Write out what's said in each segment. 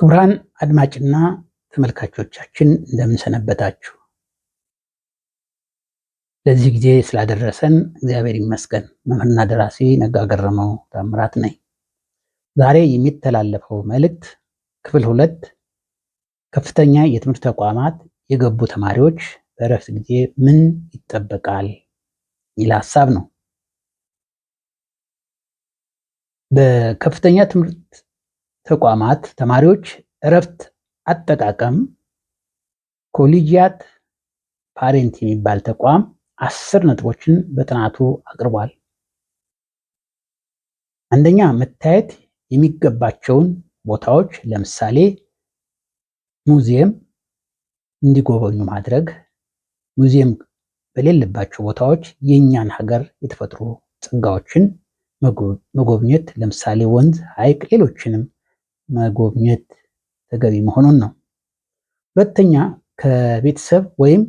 ክቡራን አድማጭና ተመልካቾቻችን እንደምንሰነበታችሁ፣ ለዚህ ጊዜ ስላደረሰን እግዚአብሔር ይመስገን። መምህርና ደራሲ ነጋ ገረመው ታምራት ነኝ። ዛሬ የሚተላለፈው መልእክት ክፍል ሁለት ከፍተኛ የትምህርት ተቋማት የገቡ ተማሪዎች በእረፍት ጊዜ ምን ይጠበቃል የሚል ሀሳብ ነው። በከፍተኛ ትምህርት ተቋማት ተማሪዎች እረፍት አጠቃቀም ኮሊጂያት ፓሬንት የሚባል ተቋም አስር ነጥቦችን በጥናቱ አቅርቧል። አንደኛ መታየት የሚገባቸውን ቦታዎች ለምሳሌ ሙዚየም እንዲጎበኙ ማድረግ። ሙዚየም በሌለባቸው ቦታዎች የእኛን ሀገር የተፈጥሮ ጸጋዎችን መጎብኘት፣ ለምሳሌ ወንዝ፣ ሐይቅ፣ ሌሎችንም መጎብኘት ተገቢ መሆኑን ነው። ሁለተኛ ከቤተሰብ ወይም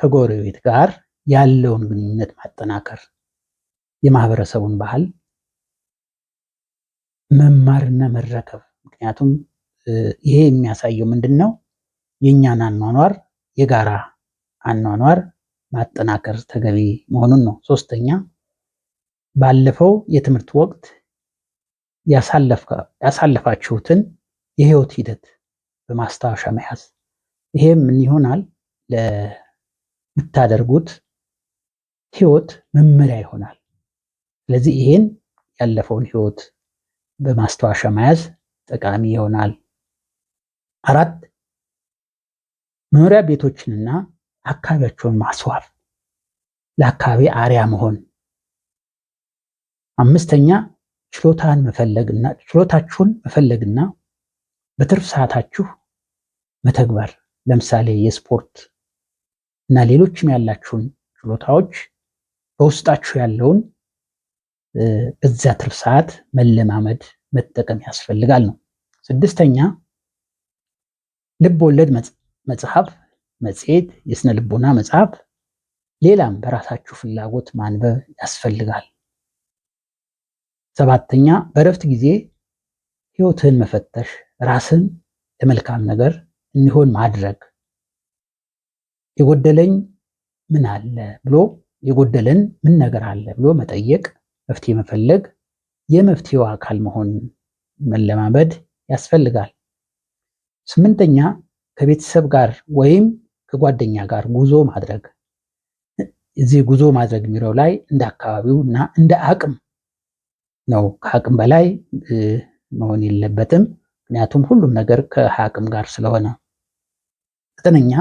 ከጎረቤት ጋር ያለውን ግንኙነት ማጠናከር፣ የማህበረሰቡን ባህል መማርና መረከብ። ምክንያቱም ይሄ የሚያሳየው ምንድን ነው? የእኛን አኗኗር የጋራ አኗኗር ማጠናከር ተገቢ መሆኑን ነው። ሶስተኛ ባለፈው የትምህርት ወቅት ያሳለፋችሁትን የህይወት ሂደት በማስታወሻ መያዝ። ይሄም ምን ይሆናል? ለምታደርጉት ህይወት መመሪያ ይሆናል። ስለዚህ ይሄን ያለፈውን ህይወት በማስታወሻ መያዝ ጠቃሚ ይሆናል። አራት መኖሪያ ቤቶችንና አካባቢያቸውን ማስዋብ፣ ለአካባቢ አሪያ መሆን። አምስተኛ ችሎታን መፈለግና ችሎታችሁን መፈለግና በትርፍ ሰዓታችሁ መተግበር ለምሳሌ የስፖርት እና ሌሎችም ያላችሁን ችሎታዎች በውስጣችሁ ያለውን በዛ ትርፍ ሰዓት መለማመድ መጠቀም ያስፈልጋል ነው። ስድስተኛ ልብ ወለድ መጽሐፍ፣ መጽሔት፣ የስነ ልቦና መጽሐፍ፣ ሌላም በራሳችሁ ፍላጎት ማንበብ ያስፈልጋል። ሰባተኛ በእረፍት ጊዜ ህይወትህን መፈተሽ፣ ራስን ለመልካም ነገር እንዲሆን ማድረግ፣ የጎደለኝ ምን አለ ብሎ የጎደለን ምን ነገር አለ ብሎ መጠየቅ፣ መፍትሄ መፈለግ፣ የመፍትሄው አካል መሆን መለማመድ ያስፈልጋል። ስምንተኛ ከቤተሰብ ጋር ወይም ከጓደኛ ጋር ጉዞ ማድረግ። እዚህ ጉዞ ማድረግ የሚለው ላይ እንደ አካባቢው እና እንደ አቅም ነው። ከአቅም በላይ መሆን የለበትም። ምክንያቱም ሁሉም ነገር ከአቅም ጋር ስለሆነ። ዘጠነኛ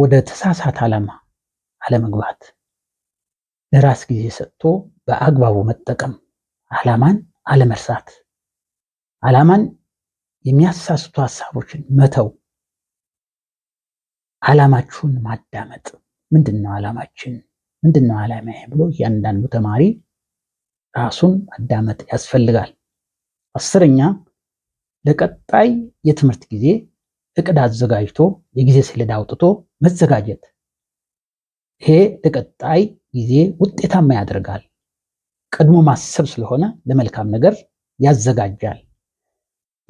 ወደ ተሳሳት ዓላማ አለመግባት፣ ለራስ ጊዜ ሰጥቶ በአግባቡ መጠቀም፣ ዓላማን አለመርሳት፣ ዓላማን የሚያሳስቱ ሀሳቦችን መተው፣ ዓላማችሁን ማዳመጥ። ምንድን ነው ዓላማችን? ምንድን ነው ዓላማ ብሎ እያንዳንዱ ተማሪ ራሱን ማዳመጥ ያስፈልጋል። አስረኛ ለቀጣይ የትምህርት ጊዜ እቅድ አዘጋጅቶ የጊዜ ሰሌዳ አውጥቶ መዘጋጀት። ይሄ ለቀጣይ ጊዜ ውጤታማ ያደርጋል። ቀድሞ ማሰብ ስለሆነ ለመልካም ነገር ያዘጋጃል።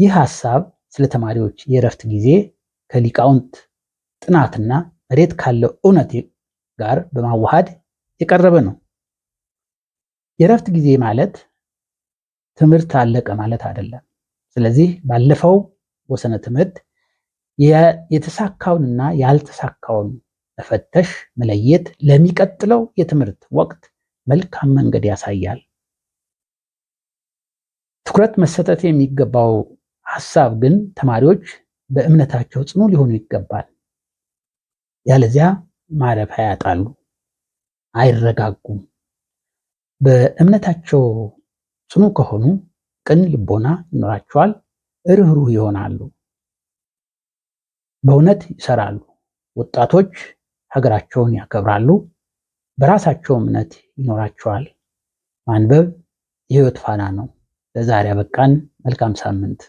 ይህ ሀሳብ ስለ ተማሪዎች የእረፍት ጊዜ ከሊቃውንት ጥናትና መሬት ካለው እውነት ጋር በማዋሃድ የቀረበ ነው። የእረፍት ጊዜ ማለት ትምህርት አለቀ ማለት አይደለም። ስለዚህ ባለፈው ወሰነ ትምህርት የተሳካውንና ያልተሳካውን መፈተሽ፣ መለየት ለሚቀጥለው የትምህርት ወቅት መልካም መንገድ ያሳያል። ትኩረት መሰጠት የሚገባው ሀሳብ ግን ተማሪዎች በእምነታቸው ጽኑ ሊሆኑ ይገባል። ያለዚያ ማረፊያ ያጣሉ፣ አይረጋጉም። በእምነታቸው ጽኑ ከሆኑ ቅን ልቦና ይኖራቸዋል፣ እርህሩህ ይሆናሉ፣ በእውነት ይሰራሉ። ወጣቶች ሀገራቸውን ያከብራሉ፣ በራሳቸው እምነት ይኖራቸዋል። ማንበብ የህይወት ፋና ነው። ለዛሬ በቃን። መልካም ሳምንት